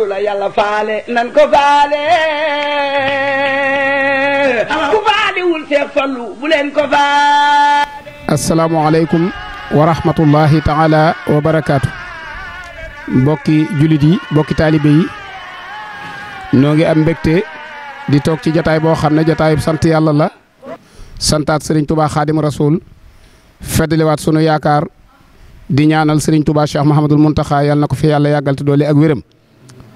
faalu la yàlla faale nan wa rahmatullahi taala wa barakaatu mbokki jullit yi mbokki taalibe yi noo ngi am mbégte di toog ci jataay boo xam ne jataay sant yàlla la santaat sëriñ tubaa xaadim rasul feddaliwaat sunu yaakaar di ñaanal sëriñ tubaa cheikh mahamadul muntaxa yàlla na ko fi yàlla yàggal te doole ak wéram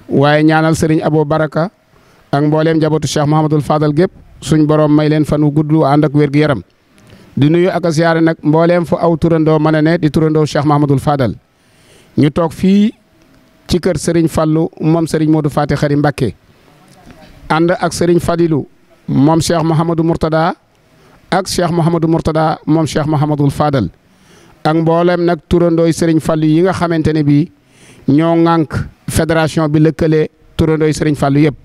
waaye ñaanal sëriñ aboo Baraka ak mbooleem njabootu Cheikh Mouhamadul Fadal gépp suñ boroom may leen fan wu gudd wu ànd ak wér yaram di nuyu ak a nag mbooleem fu aw turandoo mën a ne di turandoo Cheikh Mouhamadul Fadal ñu toog fii ci kër sëriñ fallu moom sëriñ Modou Faty xari Mbacké ànd ak sëriñ Fadilou moom Cheikh Mouhamadou Mourtada ak Cheikh Mouhamadou Mourtada moom Cheikh Mouhamadul Fadal ak mbooleem nag turandooy sëriñ Fallou yi nga xamante ne bii ñoo ŋànk fédération bi lëkkale turandooy sëriñ fallu yëpp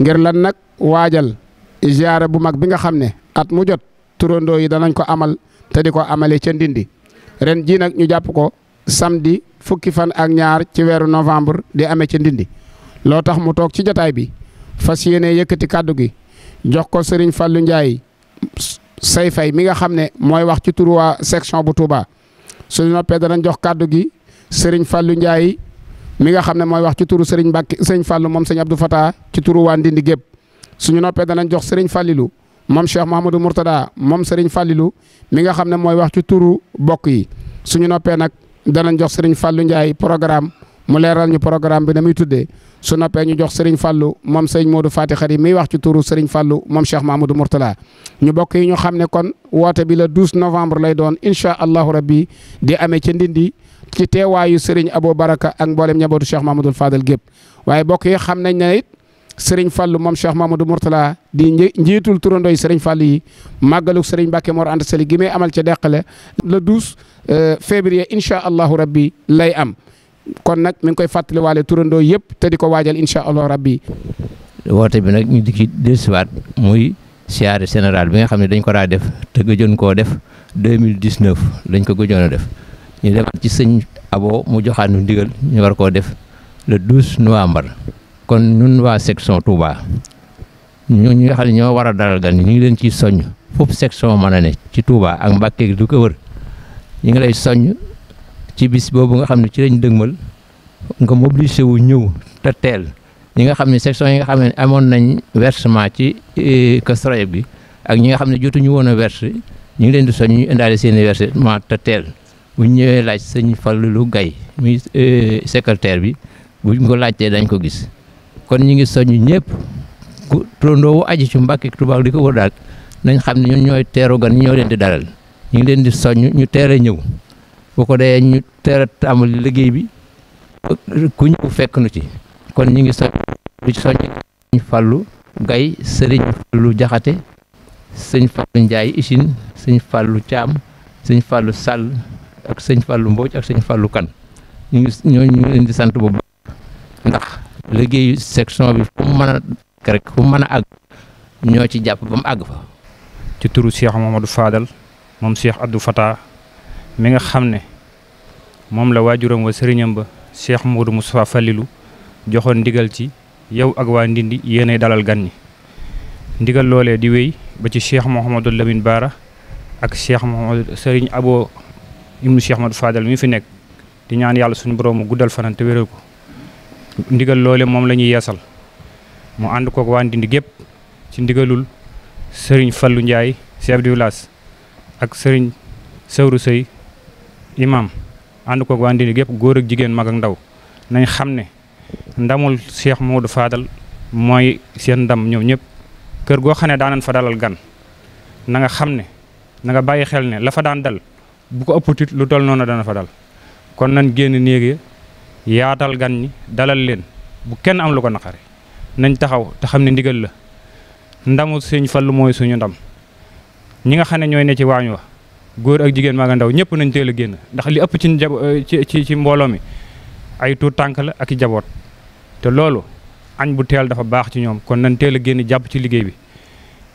ngir lan nag waajal ziyaara bu mag bi nga xam ne at mu jot turandoo yi danañ ko amal te di ko amale ca Ndindi ren jii nag ñu jàpp ko samedi fukki fan ak ñaar ci weeru novembre di ame ca Ndindi loo tax mu toog ci jataay bi fas yéene yëkkati kàddu gi jox ko sëriñ fallu Ndiaye say fay mi nga xam ne mooy wax ci turu waa section bu Touba su noppee danañ jox kàddu gi sëriñ fallu Ndiaye mi nga xam ne mooy wax ci turu Serigne Mbacke Serigne Fallou moom Serigne Abdou Fatah ci turu waa Ndindi gépp suñu noppee danañ jox Serigne Fallilou moom Cheikh Mouhamadou Mourtada moom Serigne Fallilou mi nga xam ne mooy wax ci turu bokk yi suñu noppee nag danañ jox Serigne Fallou Ndiaye programme mu leeral ñu programme bi na muy tuddee su noppee ñu jox Serigne Fallou moom Serigne Modou Fati Khari miy wax ci turu Serigne Fallou moom Cheikh Mouhamadou Mourtada ñu bokk yi ñu xam ne kon woote bi le 12 novembre lay doon incha allahu rabbi di amee ca Ndindi. ci teewaayu Serigne Abo Baraka ak mboolem njabootu Cheikh Mamadou Fadal gépp waaye bokk yi xam nañ ne it Serigne Fallou moom Cheikh Mamadou Mourtala di njiitul turandooy Serigne Fallou yi màggaluk Serigne Mbacke Mor Anta Sali gi may amal ca Deqale le 12 euh, février incha allahu rabbi lay am kon nag mi ngi koy fàttaliwaale turandoo yëpp te di ko waajal incha allahu rabbi. woote bi nag ñu di ci dellusiwaat muy siyaare général bi nga xam ne dañ ko daa def te gëjoon koo def 2019 lañ ko gëjoon a def. ñu demaat ci sëñ abo mu joxaat nu ndigal ñu war koo def le 12 novembre kon ñun waa section Touba ñu ñi ne ñoo war a dalal gan ñu ngi leen ci soññ foofu section mën ne ci Touba ak Mbàkke du ko wër ñu ngi lay soññ ci bis boobu nga xam ne ci lañ dëgmal nga mobilisé wu ñëw te teel ñi nga xam ne section yi nga xam ne amoon nañ versement ci kastroyeb eh, bi ak ñi nga xam ne jotuñu woon a verse ñu ngi leen di soññ ñu indaale seeni i versement te teel bu ñëwee laaj sëñ Fallou Gaye muy euh, secrétaire bi buñ ko laajtee dañ ko gis kon ñu ngi soññ ñëpp ku turandoo wu aji ci Mbàkke Tuubaa di ko wër daal nañ xam ne ñun ñooy teeru gan ñoo leen di dalal ñu ngi leen di soññ ñu teel a ñëw bu ko dee ñu teel a liggéey bi ku ñëw fekk nu ci kon ñu ngi soññ di soññ sëñ Fallou Gaye sëriñ Jaxate sëñ Fallou Ndiaye Isine sëñ fallu Thiam sëñ fallu Sall ak sëñ Fallou Mbodj ak sëñ Fallou Kane ñu ngi ñooñu di sant bu baax ndax liggéeyu section bi fu mu mën a rek fu mu mën a àgg ñoo ci jàpp ba mu àgg fa. ci turu Cheikh du Fadal moom Cheikh Abdou Fata mi nga xam ne moom la waajuram wa sëriñam ba Cheikh Modou Moustapha Fallilou joxoon ndigal ci yow ak waa Ndindi yéenay dalal gan ñi ndigal loolee di wéy ba ci Cheikh Mouhamadou Lamine Baara ak Cheikh Mouhamadou Serigne Abo ibnu Cheikh Ahmadou Fadal mi fi nekk di ñaan yàlla suñu borom mu guddal fanaan te wéral ko ndigal loole moom la ñuy yeesal mu ànd kook waa Ndindi gépp ci ndigalul sëriñ Fallou Ndiaye chef de village ak sëriñ Sewru Sey imam ànd kook waa Ndindi gépp góor ak jigéen mag ak ndaw nañ xam ne ndamul Cheikh Modou faadal mooy seen ndam ñoom ñëpp kër goo xam ne daanan fa dalal gan na xam ne na bàyyi xel ne la daan dal bu ko ëppatit lu toll noonu dana fa dal kon nañ génn néegi yaatal gan ñi dalal leen bu kenn am lu ko naqari nañ taxaw te xam ne ndigal la ndamu sëñ Fallu mooy suñu ndam ñi nga xam ne ñooy ne ci waañ wa góor ak jigéen maa nga ndaw ñëpp nañ teel a génn ndax li ëpp ci eh, ci ci ci mbooloo mi ay tuut tànk la ak jaboot te loolu añ bu teel dafa baax ci ñoom kon nañ teel a génn jàpp ci liggéey bi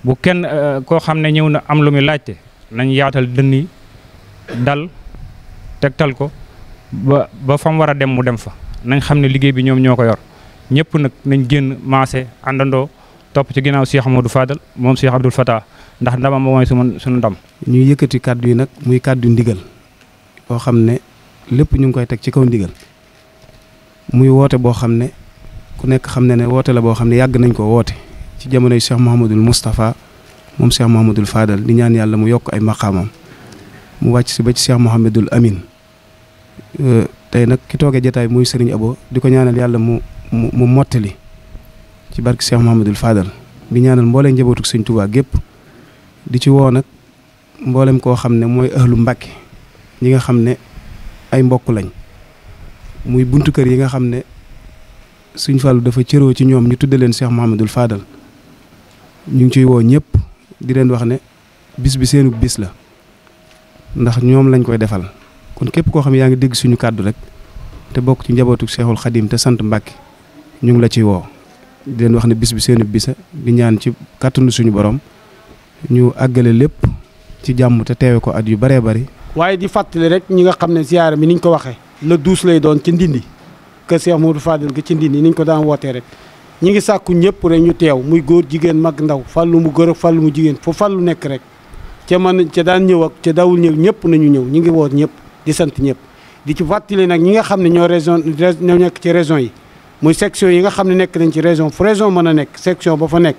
bu kenn eh, koo xam ne ñëw na am lu muy laajte nañ yaatal dënn yi dal tegtal ko ba ba fa mu war a dem mu dem fa nañ xam ne liggéey bi ñoom ñoo ko yor ñëpp nag nañ génn maase àndandoo topp ci ginnaaw Cheikh Amadou Fadal moom Cheikh Abdoul Fatah ndax ndamam mooy suñu suñu ndam. ñuy yëkkati kàddu yi nag muy kàddu ndigal boo xam ne lépp ñu ngi koy teg ci kaw ndigal muy woote boo xam ne ku nekk xam ne ne woote la boo xam ne yàgg nañ ko woote ci jamonoy Cheikh Mouhamadul Moustapha moom Cheikh Mouhamadul Fadal di ñaan yàlla mu yokk ay maqaamam. mu wàcc si ba ci Cheikh Mouhamadul Amin euh, tey nag ki toogee jataay muy sëriñ Abo di ko ñaanal yàlla mu mu mu mottali ci barke Cheikh Mouhamadul faadal bi ñaanal mbooleem njabootu Sëñ Tuubaa gépp di ci woo nag mboolem koo xam ne mooy ahlu Mbàkke ñi nga xam ne ay mbokk lañ muy buntu kër yi nga xam ne Sëñ Fallu dafa cëroo ci ñoom ñu tudde leen Cheikh Mouhamadul Fadal ñu ngi ciy woo ñëpp di leen wax ne bis bi seenu bis la ndax ñoom lañu koy defal kon képp koo xam yaa ngi dégg suñu kàddu rek te bokk ci njabootu seexul xadim te sant Mbàkke ñu ngi la ci woo di leen wax ne bis bi seeni bisa bi ñaan ci kàttanu suñu borom ñu àggale lépp ci jàmm te teewe ko at yu bëree bëri waaye di fàttali rek ñi nga xam ne ziyaara bi niñ ko waxee la douze lay doon ci ndindi kër Seex Moodu Fadel ga ci ndindi niñ ko daan wootee rek ñi ngi sàkku ñëpp rek ñu teew muy góor jigéen mag ndaw fàllu mu góor fàllu mu jigéen fu fàllu nekk rek ca man ca daan ñëw ak ca daawul ñëw ñëpp nañu ñëw ñu ngi woot ñëpp di sant ñëpp di ci fàttali nag ñi nga xam ne ñoo région ñoo nekk ci région yi muy section yi nga xam ne nekk nañ ci région fu région mën a nekk section ba fa nekk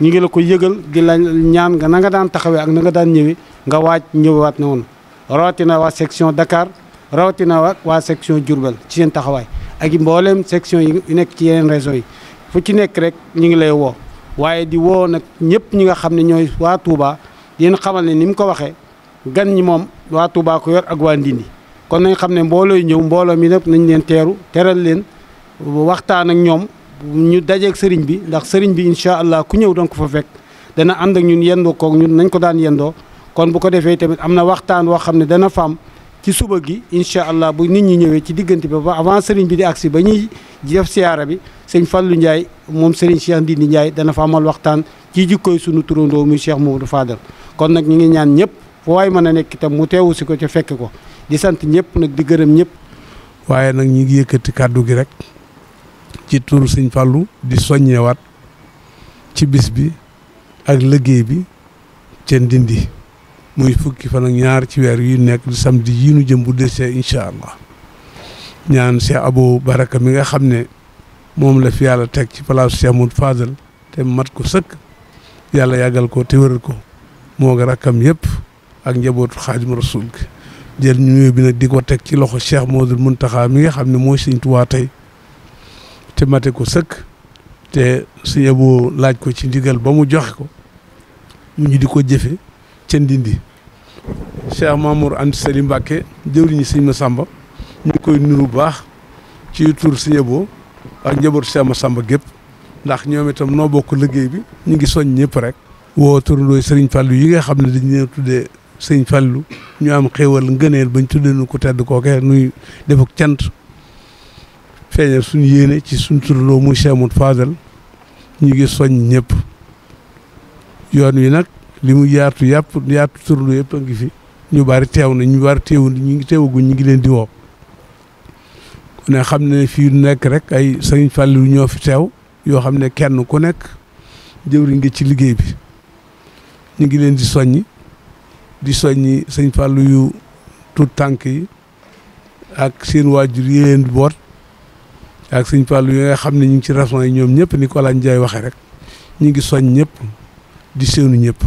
ñu ngi la ko yëgal di la ñaan nga na nga daan taxawee ak na nga daan ñëwee nga waaj ñëwaat woon rawatina waa section Dakar rawatina waa waa section Diourbel ci seen taxawaay ak mbooleem section yi nekk ci yeneen région yi fu ci nekk rek ñu ngi lay woo waaye di woo nag ñëpp ñi nga xam ne ñooy waa Touba di xamal ne ni mu ko waxee gan ñi moom waa Touba ko yor ak waa Ndindi kon nañ xam ne mboolooy ñëw mbooloo mi nag nañ leen teeru teral leen waxtaan ak ñoom ñu dajeek sëriñ bi ndax sëriñ bi incha allah ku ñëw danga ko fa fekk dana ànd ak ñun yendoo koog ñun nañ ko daan yendoo kon bu ko defee tamit am na waxtaan woo xam ne dana faam ci suba gi incha allah bu nit ñi ñëwee ci diggante bi ba avant sëriñ bi di agsi ba ñuy def siyaara bi sëñ Fallou njaay moom Serigne Cheikh Ndindi Ndiaye dana fa amal waxtaan ci jikkoy sunu turandoo muy Cheikh Mamadou Fadal kon nag ñu ngi ñaan ñëpp foo waay mën a nekk itam mu teewu si ko ci fekk ko di sant ñëpp nag di gërëm ñëpp. waaye nag ñu ngi yëkkati kàddu gi rek ci turu sëñ Fallou di soññewaat ci bis bi ak liggéey bi ca Ndindi muy fukki fan ak ñaar ci weer yu nekk di samedi yii nu jëm bu desee incha allah ñaan Cheikh Abou Baraka mi nga xam ne. moom la fi yàlla teg ci palaasu Cheikh Mout Fadel te mat ko sëkk yàlla yàggal ko te wéral ko moo nga rakkam yëpp ak njabootu Xaadimu Rasuul gi jël nuyoo bi nag di ko teg ci loxo Cheikh Modou Mountakha mi nga xam ne mooy Sëñ Tuubaa tey te mate ko sëkk te Sëñ Abo laaj ko ci ndigal ba mu joxe ko mu ñu di ko jëfe ca Ndindi Cheikh Mamour Anta Sali Mbàkke jëwriñu Sëñ Masamba ñu koy nuru baax ci tur Sëñ Abo ak njabootu Cheikh Massamba gépp ndax ñoom itam noo bokk liggéey bi ñu ngi soñ ñëpp rek woo turandooy Serigne fallu yi nga xam ne dañ leen tuddee Serigne Fallou ñu am xéewal ngëneel bañ tuddee nu ko tedd kooke nuy def ak cant feeñal suñu yéene ci suñ turandoo mu Cheikh Mout Fadal ñu ngi soñ ñëpp yoon wi nag li mu yaatu yàpp yaatu turandoo yëpp ngi fi ñu bari teew na ñu bari teewul ñu ngi teewaguñ ñu ngi leen di woo ku xam ne fii nekk rek ay sëñ Fallou ñoo fi teew yoo xam ne kenn ku nekk jëwriñ ngi ci liggéey bi ñu ngi leen di soññ di soññi sëñ Fallou yu tuut tànk yi ak seen waajur yi leen di boot ak sëñ Fallou yi nga xam ne ñu ngi ci restaurant yi ñoom ñëpp ni ko Alaaji Njaay waxee rek ñu ngi soñ ñëpp di seenu ñëpp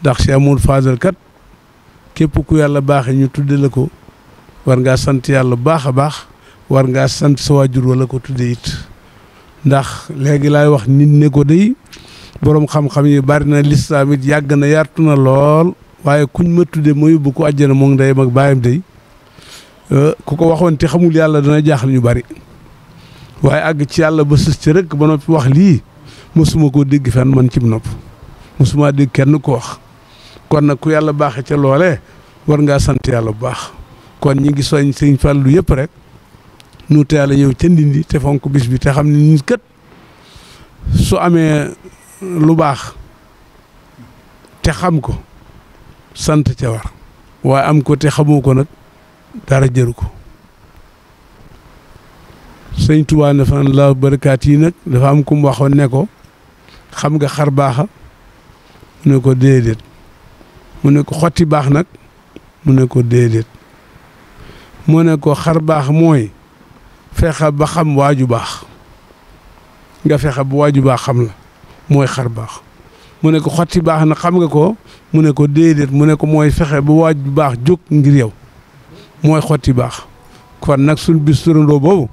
ndax si amul faadal kat képp ku yàlla baaxee ñu tudde la ko war ngaa sant yàlla baax a baax war ngaa sant sa waajur wala ko tudde it ndax léegi laay wax nit ne ko day boroom xam-xam yi bari na lislaam it yàgg na yartu na lool waaye kuñ ma tudde ma yóbbu ko àjjana moo ngi day mag bàyyam day euh, ku ko waxoon te xamul yàlla dana jaaxal ñu bari waaye àgg ci yàlla ba sës ci rek ba noppi wax lii mosuma koo dégg fenn man cim nopp mosuma dégg kenn ko wax kon nag ku yàlla baaxe ca loole war ngaa sant yàlla bu baax kon ñi ngi soñ sëñ Fàllu yëpp rek nu teel a ñëw ca Ndindi te fonk bis bi te xam ne nit kat su amee lu baax te xam ko sant ca war waaye am ko te xamoo ko nag dara jëru ko sëñ Tuubaa ne fan la barakaat yi nag dafa am ku ne ko xam nga xar baaxa mu ne ko déedéet mu ne ko xotti baax nag mu ne ko déedéet moo ne ko xar baax mooy fexe ba xam waaju baax nga fexe ba waaju baax xam la mooy xar baax mu ne ko xotti baax na xam nga ko mu ne ko déedéet mu ne ko mooy fexe ba waaju baax jóg ngir yow mooy xotti baax kon nag suñ bis turandoo boobu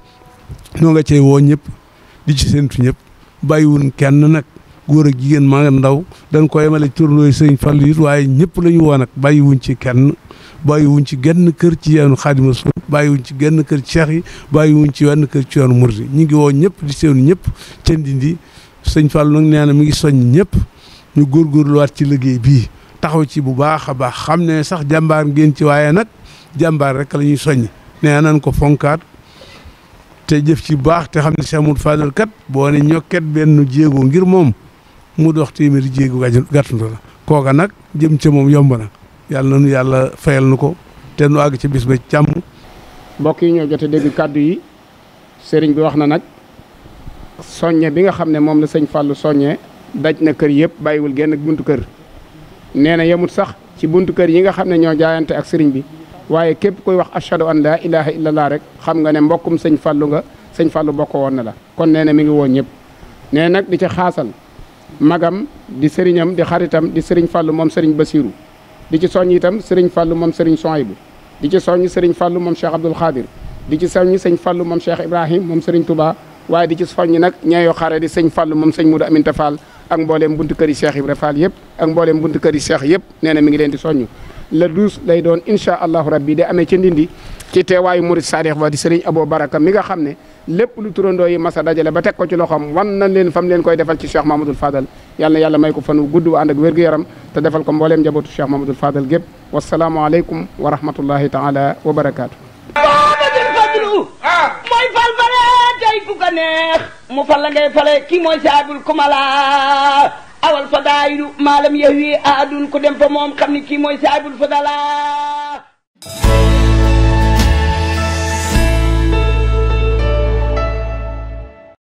ñoo nga cey woo ñëpp di ci séntu ñëpp bàyyiwun kenn nag góor ak jigéen mag ak ndaw dañ ko yemale turlooy sëñ Fallu it waaye ñëpp la ñu woo nag bàyyi wuñ ci kenn bàyyi wuñ ci genn kër ci yoonu Xaadimu Rasuul bàyyi wuñ ci genn kër ci Cheikh yi bàyyi ci wenn kër ci yoonu Murid ñu ngi woo ñëpp di séenu ñëpp ca Ndindi sëñ Fallu nag nee na mi ngi soññ ñëpp ñu góorgóorluwaat ci liggéey bii taxaw ci bu baax a baax xam ne sax jàmbaar ngeen ci waaye nag jàmbaar rek lañuy soññ nee nañ ko fonkaat te jëf ci baax te xam ne Cheikh Moudou Fadel kat boo ne ñokket benn jéego ngir moom mu dox téeméeri jéegu gàttandu la kooka nag jëm ca moom yomb na yàlla nu yàlla fayal nu ko te nu àgg ci bis ba càmm mbokk yi ñoo jote dégg kàddu yi sëriñ bi wax na nag soññe bi nga xam ne moom la sëñ Fallou soññe daj na kër yëpp bàyyiwul genn buntu kër nee na yemut sax ci buntu kër yi nga xam ne ñoo jaayante ak sëriñ bi waaye képp koy wax ashadu an laa ilaha illallah rek xam nga ne mbokkum sëñ Fallou nga sëñ fallu bokk woon na la kon nee na mi ngi woon ñëpp nag di ca xaasal magam di sëriñam di xaritam di sëriñ fàllu moom sëriñ basiiru di ci soññ itam sëriñ fàllu moom sëriñ sohaybu di ci soññ sëriñ fàllu moom cheikh abdul xaadir di ci soññ sëñ fàllu moom cheikh ibrahim moom sëriñ touba waaye di ci soññ nag ñeeyoo xare di sëñ fàllu moom sëñ mudu aminta fall ak mbooleem buntu kër yi cheikh ibra fall yëpp ak mbooleem buntu kër yi cheikh yëpp nee na mi ngi leen di soññ le douze lay doon incha allahu rabbi day amee ca ci teewaayu murid saadix ba di sëriñ Abo Baraka mi nga xam ne lépp lu turandoo yi masa dajale ba teg ko ci loxoom wan leen fam leen koy defal ci Cheikh Mamadou Fadal yàlla na yàlla may ko fan wu gudd ànd ak wér-gu-yaram te defal ko mbooleem njabootu Cheikh Mamadou Fadal gépp wasalaamualeykum wa rahmatullahi taala wa barakaatu mooy fal fale tey ku ko neex mu fal la ngay fale kii mooy saabul kumala awal fadaayilu aadun ku dem moom xam ni kii saabul fadala